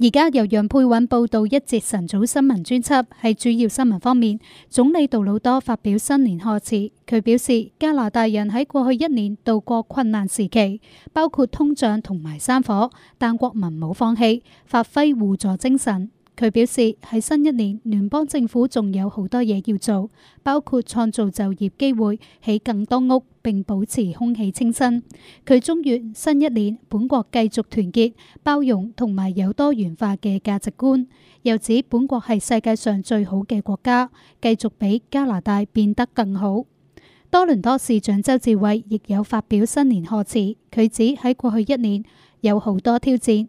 而家由楊佩韻報道一節晨早新聞專輯。喺主要新聞方面，總理杜魯多發表新年賀詞，佢表示加拿大人喺過去一年度過困難時期，包括通脹同埋山火，但國民冇放棄，發揮互助精神。佢表示喺新一年，聯邦政府仲有好多嘢要做，包括創造就業機會，起更多屋並保持空氣清新。佢祝願新一年，本國繼續團結包容同埋有多元化嘅價值觀，又指本國係世界上最好嘅國家，繼續比加拿大變得更好。多倫多市長周志偉亦有發表新年賀詞，佢指喺過去一年有好多挑戰。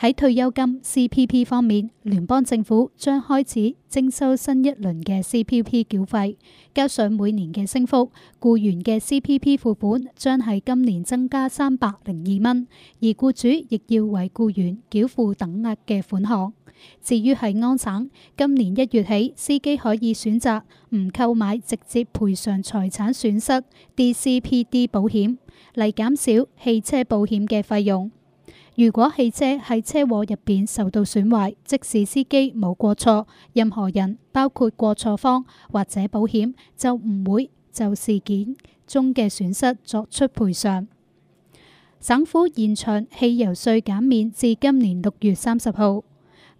喺退休金 C.P.P. 方面，聯邦政府將開始徵收新一輪嘅 C.P.P. 繳費，加上每年嘅升幅，僱員嘅 C.P.P. 付款將系今年增加三百零二蚊，而雇主亦要為僱員繳付等額嘅款項。至於系安省，今年一月起，司機可以選擇唔購買直接賠償財產損失 D.C.P.D. 保險嚟減少汽車保險嘅費用。如果汽車喺車禍入邊受到損壞，即使司機冇過錯，任何人包括過錯方或者保險就唔會就事件中嘅損失作出賠償。省府延長汽油稅減免至今年六月三十號。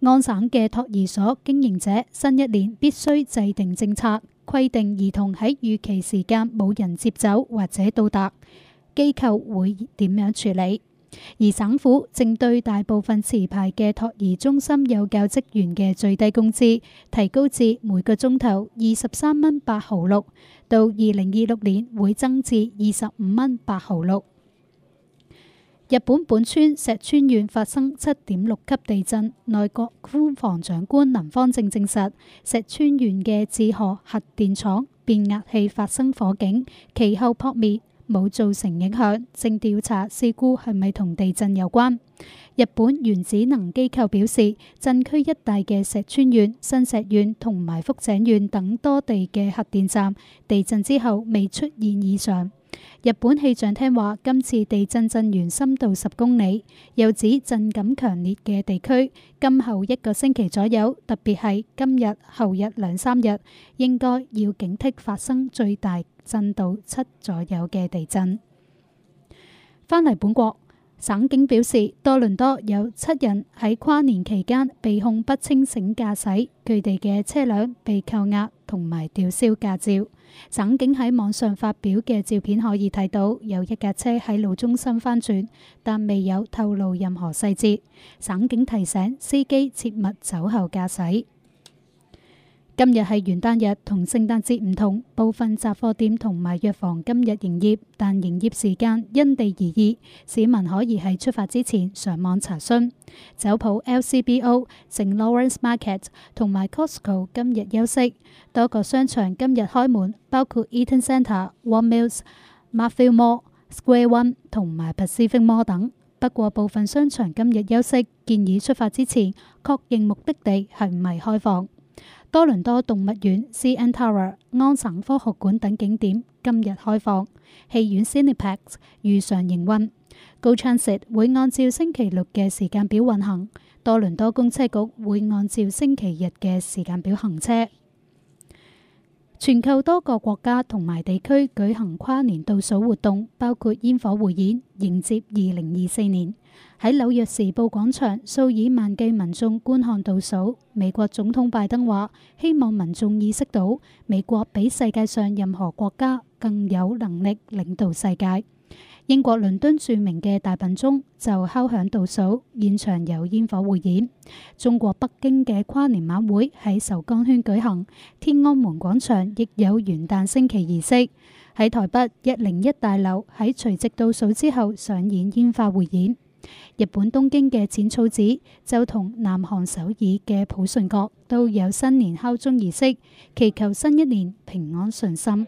安省嘅托兒所經營者新一年必須制定政策，規定兒童喺預期時間冇人接走或者到達，機構會點樣處理。而省府正對大部分持牌嘅托兒中心幼教職員嘅最低工資提高至每個鐘頭二十三蚊八毫六，到二零二六年會增至二十五蚊八毫六。日本本村石川縣發生七點六級地震，內閣官房長官林芳正證實，石川縣嘅志賀核電廠變壓器發生火警，其後撲滅。冇造成影響，正調查事故係咪同地震有關。日本原子能機構表示，震區一帶嘅石川縣新石縣同埋福井縣等多地嘅核電站，地震之後未出現異常。日本氣象廳話，今次地震震源深度十公里，又指震感強烈嘅地區，今後一個星期左右，特別係今日、後日兩三日，應該要警惕發生最大震度七左右嘅地震。翻嚟，本國省警表示，多倫多有七人喺跨年期間被控不清醒駕駛，佢哋嘅車輛被扣押同埋吊銷駕照。省警喺網上發表嘅照片可以睇到，有一架車喺路中心翻轉，但未有透露任何細節。省警提醒司機切勿酒後駕駛。今日係元旦日，同聖誕節唔同，部分雜貨店同埋藥房今日營業，但營業時間因地而異，市民可以喺出發之前上網查詢。酒舖 LCBO、聖 Lawrence Market 同埋 Costco 今日休息，多個商場今日開門，包括 Eaton Centre、One Mills、Marfil Mall、Square One 同埋 Pacific Mall 等。不過部分商場今日休息，建議出發之前確認目的地係唔係開放。多倫多動物園、CN Tower、安省科學館等景點今日開放，戲院 Cineplex 如常營運，GO Transit 會按照星期六嘅時間表運行，多倫多公車局會按照星期日嘅時間表行車。全球多個國家同埋地區舉行跨年倒數活動，包括煙火匯演，迎接二零二四年。喺紐約時報廣場，數以萬計民眾觀看倒數。美國總統拜登話：希望民眾意識到，美國比世界上任何國家更有能力領導世界。英國倫敦著名嘅大笨鐘就敲響倒數，現場有煙火匯演。中國北京嘅跨年晚會喺首鋼園舉行，天安門廣場亦有元旦升旗儀式。喺台北一零一大樓喺除夕倒數之後上演煙花匯演。日本東京嘅淺草寺就同南韓首爾嘅普信閣都有新年敲鐘儀式，祈求新一年平安順心。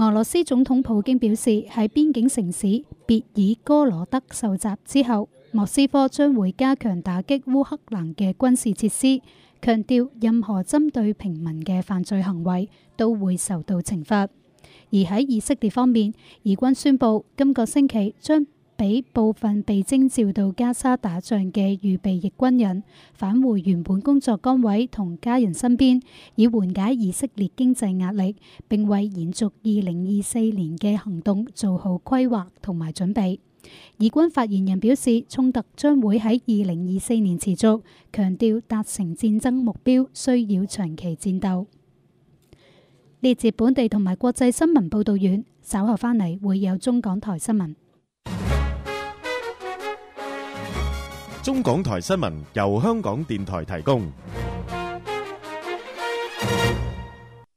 俄羅斯總統普京表示喺邊境城市別爾哥羅德受襲之後，莫斯科將會加強打擊烏克蘭嘅軍事設施，強調任何針對平民嘅犯罪行為都會受到懲罰。而喺以色列方面，以軍宣布今個星期將俾部分被徵召到加沙打仗嘅預備役軍人返回原本工作崗位同家人身邊，以緩解以色列經濟壓力，並為延續二零二四年嘅行動做好規劃同埋準備。以軍發言人表示，衝突將會喺二零二四年持續，強調達成戰爭目標需要長期戰鬥。列節本地同埋國際新聞報導院稍後翻嚟會有中港台新聞。中港台新聞由香港電台提供。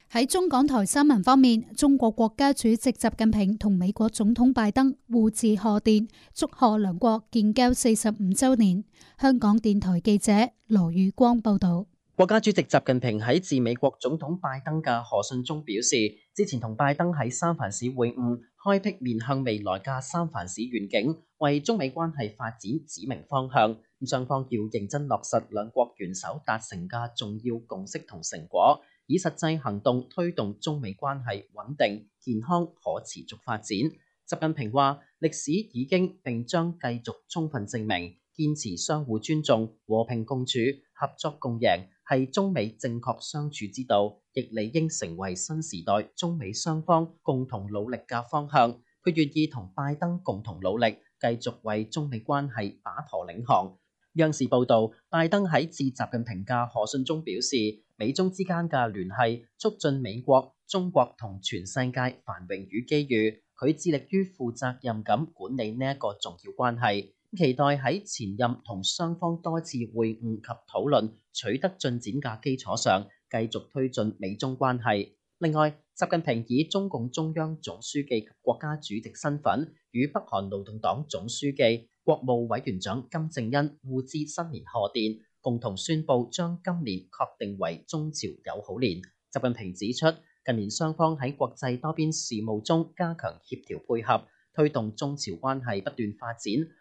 喺中港台新聞方面，中國國家主席習近平同美國總統拜登互致賀電，祝賀兩國建交四十五周年。香港電台記者羅宇光報道。國家主席習近平喺致美國總統拜登嘅賀信中表示，之前同拜登喺三藩市會晤，開闢面向未來嘅三藩市願景，為中美關係發展指明方向。咁雙方要認真落實兩國元首達成嘅重要共識同成果，以實際行動推動中美關係穩定、健康、可持續發展。習近平話：歷史已經並將繼續充分證明，堅持相互尊重、和平共處、合作共贏。係中美正確相處之道，亦理應成為新時代中美雙方共同努力嘅方向。佢願意同拜登共同努力，繼續為中美關係把舵領航。央視報導，拜登喺致習近平嘅賀信中表示，美中之間嘅聯繫促進美國、中國同全世界繁榮與機遇。佢致力於負責任咁管理呢一個重要關係。期待喺前任同雙方多次會晤及討論取得進展嘅基礎上，繼續推進美中關係。另外，習近平以中共中央總書記及國家主席身份，與北韓勞動黨總書記國務委員長金正恩互致新年賀電，共同宣布將今年確定為中朝友好年。習近平指出，近年雙方喺國際多邊事務中加強協調配合，推動中朝關係不斷發展。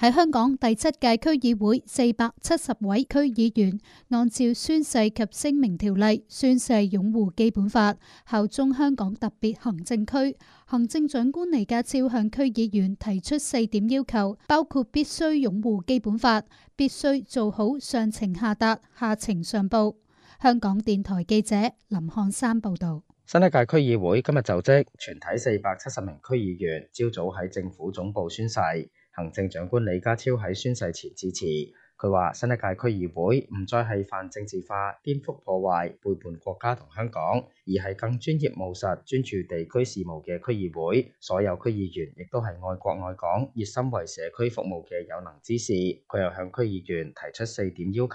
喺香港第七屆區議會四百七十位區議員按照宣誓及聲明條例宣誓擁護基本法，效忠香港特別行政區。行政長官李家超向區議員提出四點要求，包括必須擁護基本法，必須做好上情下達、下情上報。香港電台記者林漢山報導。新一屆區議會今日就職，全體四百七十名區議員朝早喺政府總部宣誓。行政長官李家超喺宣誓前致詞，佢話：新一屆區議會唔再係泛政治化、顛覆破壞、背叛國家同香港，而係更專業務實、專注地區事務嘅區議會。所有區議員亦都係愛國愛港、熱心為社區服務嘅有能之士。佢又向區議員提出四點要求，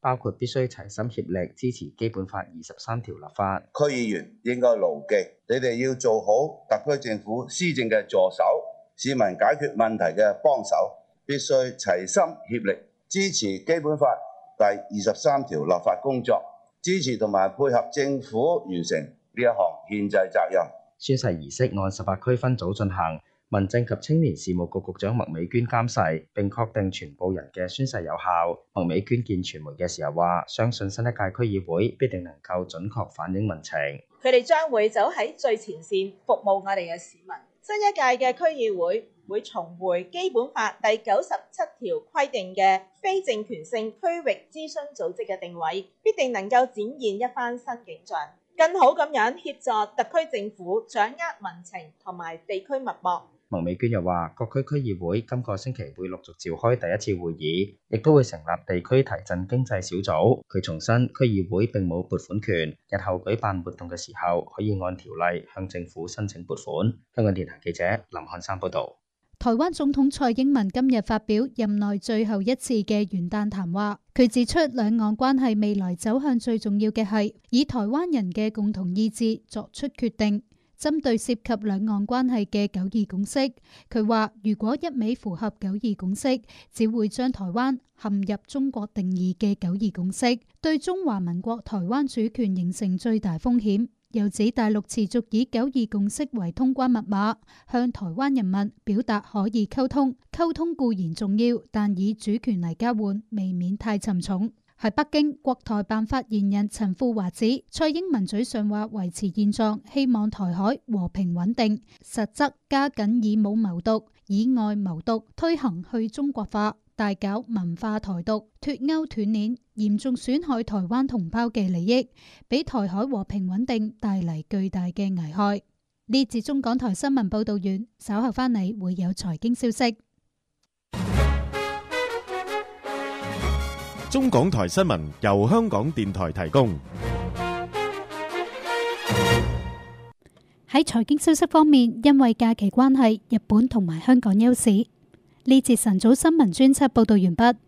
包括必須齊心協力支持基本法二十三條立法。區議員應該牢記，你哋要做好特區政府施政嘅助手。市民解決問題嘅幫手，必須齊心協力，支持基本法第二十三條立法工作，支持同埋配合政府完成呢一項憲制責任。宣誓儀式按十八區分組進行，民政及青年事務局局，局長麥美娟監誓並確定全部人嘅宣誓有效。麥美娟見傳媒嘅時候話：相信新一屆區議會必定能夠準確反映民情，佢哋將會走喺最前線服務我哋嘅市民。新一屆嘅區議會會重回《基本法》第九十七條規定嘅非政權性區域諮詢組織嘅定位，必定能夠展現一番新景象，更好咁樣協助特區政府掌握民情同埋地區脈搏。麥美娟又話，各區區議會今個星期會陸續召開第一次會議，亦都會成立地區提振經濟小組。佢重申，區議會並冇撥款權，日後舉辦活動嘅時候可以按條例向政府申請撥款。香港電台記者林漢山報道。台灣總統蔡英文今日發表任內最後一次嘅元旦談話，佢指出兩岸關係未來走向最重要嘅係以台灣人嘅共同意志作出決定。針對涉及兩岸關係嘅九二共識，佢話：如果一味符合九二共識，只會將台灣陷入中國定義嘅九二共識，對中華民國台灣主權形成最大風險。又指大陸持續以九二共識為通關密碼，向台灣人民表達可以溝通。溝通固然重要，但以主權嚟交換，未免太沉重。係北京國台辦發言人陳富華指，蔡英文嘴上話維持現狀，希望台海和平穩定，實質加緊以武謀獨、以外謀獨，推行去中國化，大搞文化台獨，脫鈎斷鏈，嚴重損害台灣同胞嘅利益，俾台海和平穩定帶嚟巨大嘅危害。呢節中港台新聞報道員稍後返嚟會有財經消息。中港台新聞由香港電台提供。喺財經消息方面，因為假期關係，日本同埋香港休市。呢節晨早新聞專輯報道完畢。